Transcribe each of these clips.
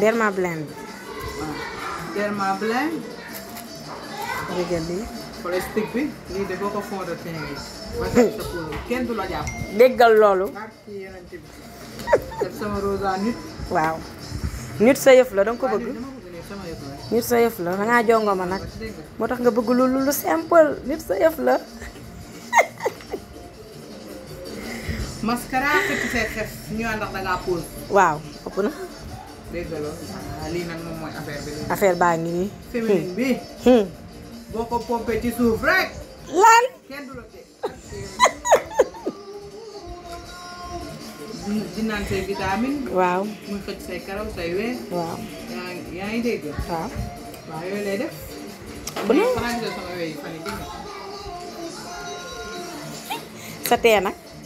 derma blend ah, derma blend regardez wala bi lii de boo de teint bi ba pour kenn du la jàpp déggal loolu def sama sa la nga bëgg lu lu simple nit sa yëf la mascara fekk see xef ñu pose dégg nga loolu lii nag baa ngi nii. féminin bi. boo ko pompé ci rek. lan. kenn waaw waaw yaa ngi yaa waaw waaw yooyu lay def. bu nag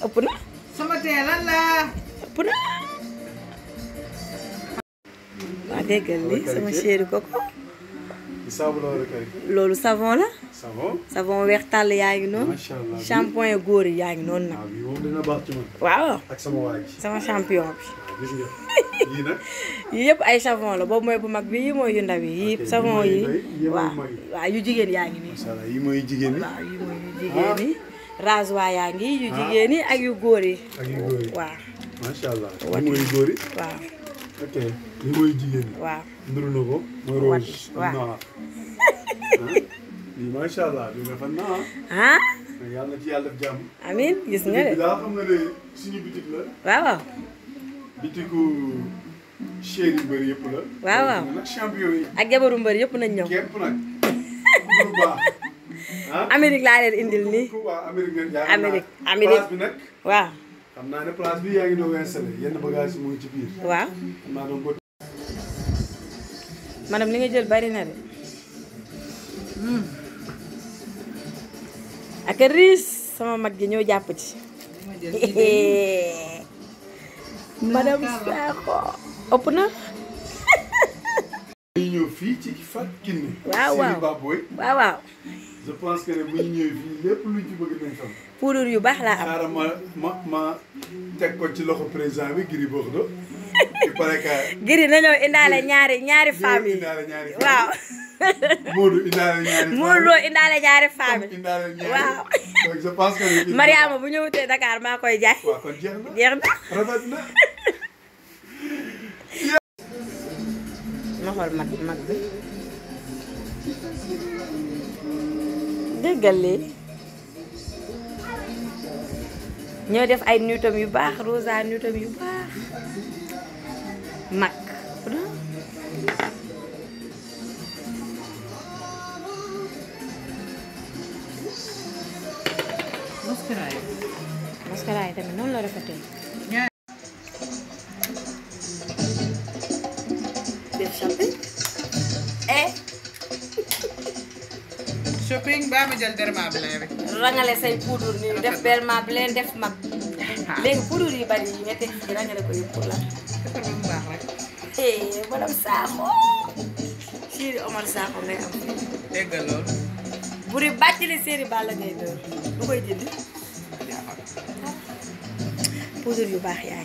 ëpp na. la. ëpp waaw ah, déggal se sama chéri koko loolu savon la. savon savon weex tàll yaa ngi noonu. macha allah shampoing góor yi yaa ngi noonu nag. Ah, waaw ak sama waa ah, yëpp ay savon la boobu mooy bu mag bi yii mooy yu ndaw yi yii savon yi waaw waaw yu jigéen yaa ngi nii. macha allah yii mooy jigéen yi yaa ngi ak yu góor yi. ok li mooy jigéen ñi. waaw nduru na ko. mooy rose waaw. Ah, lii macha allah lii rafet na ah. ah? yàlla ci yàlla def jàmm. amiin gis nga de. daa xam nga ne suñu bitik la. waaw waaw. bitiku chère yu mbër yëpp la. waaw waaw nag champion yi. ak jabaru mbër yëpp nañ ñëw. képp nag bu baax. Amérique laa leen indil nii. Amérique. Amérique place bi nag waaw. xam naa ne place bi yaa ngi doog yenn bagage sama mag gi ñoo jàpp ci. madame Sakho ëpp na. ñu ñëw ci Fatou Kiné. waaw waaw. je pense yu baax laa am. ma ma ma teg ko ci loxo président bi Gris Bordeaux. il paraît nañoo indaale ñaari ñaari ñaari famille waaw. Modou indaale ñaari famille ñaari famille. waaw. donc je pense que. Mariama bu koy jaay. jeex na dégg nga lii ñoo def ay nuutam yu baax rosa nuutam yu baax mag mascara yi tamit noonu la rafetee shopping baa ma jël derma blend bi. rangale say poudre nii def derma blend def mag. Ah. léegi poudre yi bari yi nga teg fii rangale ko yëpp pour la. defar ba mu baax rek. eh ngay am. buri bàcc li Chéri Balla ngay door lu koy jënd. poudre yu baax yaa